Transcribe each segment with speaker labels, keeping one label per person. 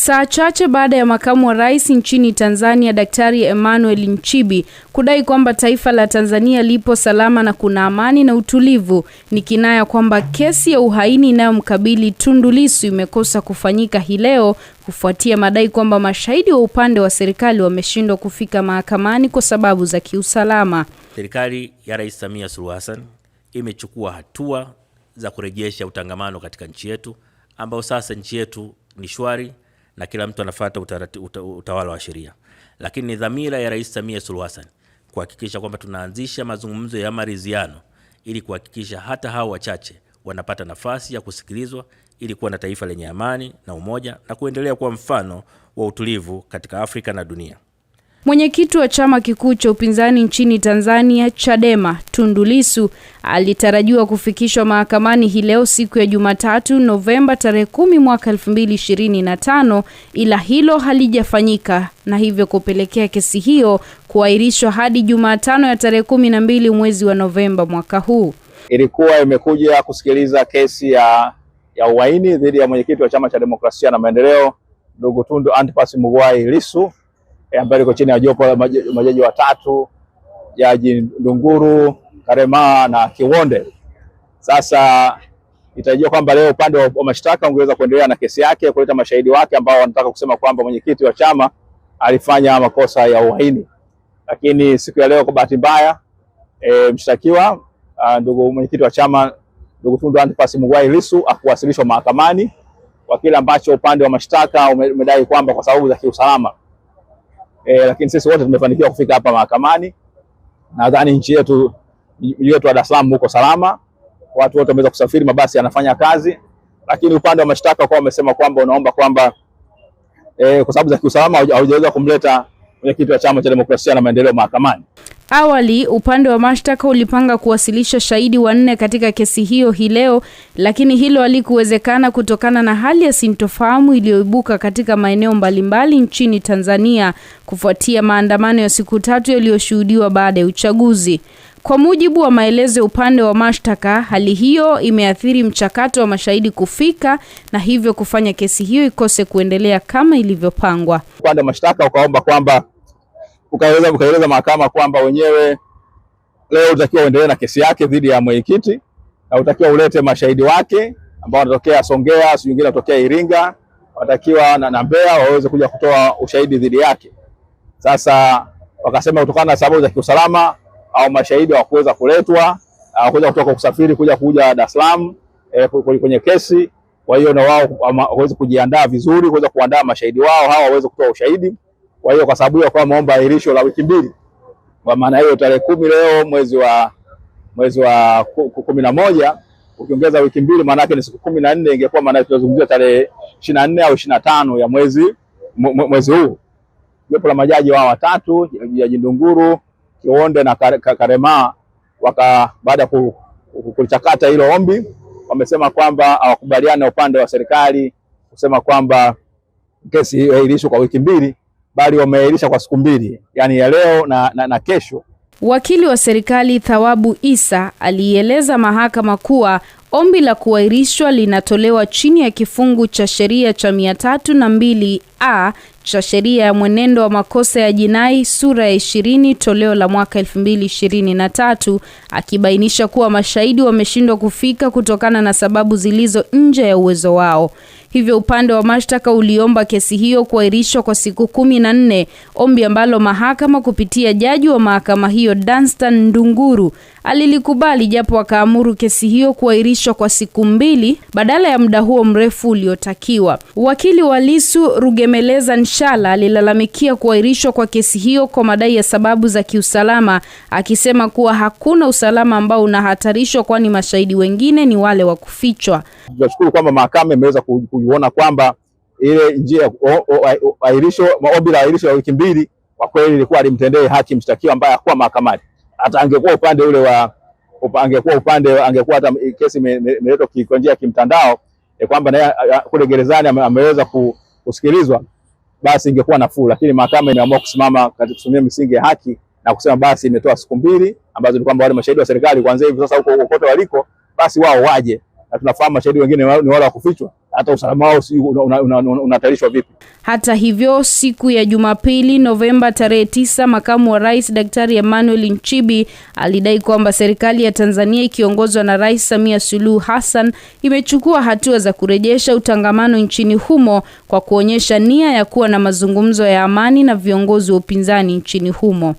Speaker 1: Saa chache baada ya makamu wa rais nchini Tanzania Daktari Emmanuel Nchibi kudai kwamba taifa la Tanzania lipo salama na kuna amani na utulivu, ni kinaya kwamba kesi ya uhaini inayomkabili Tundu Lissu imekosa kufanyika hii leo kufuatia madai kwamba mashahidi wa upande wa serikali wameshindwa kufika mahakamani kwa sababu za kiusalama.
Speaker 2: Serikali ya Rais Samia Suluhu Hassan imechukua hatua za kurejesha utangamano katika nchi yetu, ambao sasa nchi yetu ni shwari na kila mtu anafuata utawala wa sheria, lakini ni dhamira ya Rais Samia Suluhu Hassan kuhakikisha kwamba tunaanzisha mazungumzo ya maridhiano ili kuhakikisha hata hao wachache wanapata nafasi ya kusikilizwa ili kuwa na taifa lenye amani na umoja na kuendelea kuwa mfano wa utulivu katika Afrika na dunia.
Speaker 1: Mwenyekiti wa chama kikuu cha upinzani nchini Tanzania Chadema, Tundu Lissu alitarajiwa kufikishwa mahakamani hii leo siku ya Jumatatu Novemba tarehe 10 mwaka 2025 ila hilo halijafanyika na hivyo kupelekea kesi hiyo kuahirishwa hadi Jumatano ya tarehe kumi na mbili mwezi wa Novemba mwaka huu.
Speaker 3: Ilikuwa imekuja kusikiliza kesi ya ya uhaini dhidi ya mwenyekiti wa chama cha demokrasia na maendeleo ndugu Tundu Antipas Mugwai Lissu ambayo liko chini ya jopo la majaji watatu, Jaji Ndunguru, Karema na Kiwonde. Sasa itarajia kwamba leo upande wa mashtaka ungeweza kuendelea na kesi yake kuleta mashahidi wake ambao wanataka kusema kwamba mwenyekiti wa chama alifanya makosa ya uhaini, lakini siku ya leo kwa bahati mbaya e, mshtakiwa ndugu mwenyekiti wa chama ndugu Tundu Antipas Mugwai Lissu akuwasilishwa mahakamani kwa kile ambacho upande wa mashtaka umedai kwamba kwa sababu za kiusalama e, lakini sisi wote tumefanikiwa kufika hapa mahakamani. Nadhani nchi yetu mji wa Dar es Salaam uko salama, watu wote wameweza kusafiri, mabasi yanafanya kazi, lakini upande wa mashtaka kwa wamesema kwamba unaomba kwamba e, kwa sababu za kiusalama haujaweza kumleta mwenyekiti wa chama cha demokrasia na maendeleo mahakamani.
Speaker 1: Awali upande wa mashtaka ulipanga kuwasilisha shahidi wanne katika kesi hiyo hii leo, lakini hilo halikuwezekana kutokana na hali ya sintofahamu iliyoibuka katika maeneo mbalimbali nchini Tanzania kufuatia maandamano ya siku tatu yaliyoshuhudiwa baada ya uchaguzi. Kwa mujibu wa maelezo ya upande wa mashtaka, hali hiyo imeathiri mchakato wa mashahidi kufika na hivyo kufanya kesi hiyo ikose kuendelea kama ilivyopangwa.
Speaker 3: Upande wa mashtaka ukaomba kwamba ukaeleza ukaeleza mahakama kwamba wenyewe leo utakiwa uendelee na kesi yake dhidi ya mwenyekiti na utakiwa ulete mashahidi wake ambao wanatokea Songea, si wengine wanatokea Iringa, watakiwa na Mbeya waweze kuja kutoa ushahidi dhidi yake. Sasa wakasema kutokana na sababu za kiusalama au mashahidi hawakuweza kuletwa kuja kutoka kusafiri kuja kuja Dar es Salaam eh, kwenye kesi. Kwa hiyo na wao waweze kujiandaa vizuri kuweza kuandaa mashahidi wao hawa waweze kutoa ushahidi. Kwa hiyo kwa sababu hiyo kwa maomba ahirisho la wiki mbili, kwa maana hiyo tarehe kumi leo mwezi wa mwezi wa kumi na moja ukiongeza wiki mbili maana yake ni siku kumi na nne ingekuwa maana tunazungumzia tarehe ishirini na nne au ishirini na tano ya mwezi mwezi huu. Jopo la majaji wao watatu, jaji Ndunguru Kionde na Karema waka baada ya kulichakata hilo ombi, wamesema kwamba hawakubaliani na upande wa serikali kusema kwamba kesi hiyo iahirishwe kwa wiki mbili, bali wameahirisha kwa siku mbili, yaani ya leo na, na, na kesho
Speaker 1: Wakili wa serikali Thawabu Isa aliieleza mahakama kuwa ombi la kuahirishwa linatolewa chini ya kifungu cha sheria cha 302 a cha sheria ya mwenendo wa makosa ya jinai sura ya 20 toleo la mwaka 2023, akibainisha kuwa mashahidi wameshindwa kufika kutokana na sababu zilizo nje ya uwezo wao. Hivyo upande wa mashtaka uliomba kesi hiyo kuahirishwa kwa siku kumi na nne, ombi ambalo mahakama kupitia jaji wa mahakama hiyo Danstan Ndunguru alilikubali japo akaamuru kesi hiyo kuahirishwa kwa siku mbili badala ya muda huo mrefu uliotakiwa. Wakili wa lisu Rugemeleza Nshala alilalamikia kuahirishwa kwa kesi hiyo kwa madai ya sababu za kiusalama, akisema kuwa hakuna usalama ambao unahatarishwa kwani mashahidi wengine ni wale wa kufichwa.
Speaker 3: Tunashukuru kwamba mahakama imeweza ku kuiona kwamba ile njia ya airisho maombi la airisho ya wiki mbili kwa kweli ilikuwa alimtendee haki mshtakiwa ambaye hakuwa mahakamani. Hata angekuwa upande ule wa angekuwa upande angekuwa hata kesi imeletwa me, kwa njia ya kimtandao e, kwamba naye kule gerezani ameweza kusikilizwa, basi ingekuwa nafuu, lakini mahakama imeamua kusimama katika kusimamia misingi ya haki na kusema basi imetoa siku mbili ambazo ni kwamba wale mashahidi wa serikali kuanzia hivi sasa huko kokote waliko, basi wao waje, na tunafahamu mashahidi wengine ni wale wa kufichwa hata usalama wao si unahatarishwa vipi.
Speaker 1: Hata hivyo, siku ya Jumapili Novemba tarehe tisa, makamu wa rais Daktari Emmanuel Nchibi alidai kwamba serikali ya Tanzania ikiongozwa na Rais Samia Suluhu Hassan imechukua hatua za kurejesha utangamano nchini humo kwa kuonyesha nia ya kuwa na mazungumzo ya amani na viongozi wa upinzani nchini humo.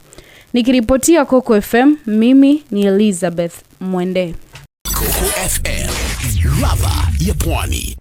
Speaker 1: Nikiripotia Coco FM, mimi ni Elizabeth Mwende, Coco FM, ladha ya Pwani.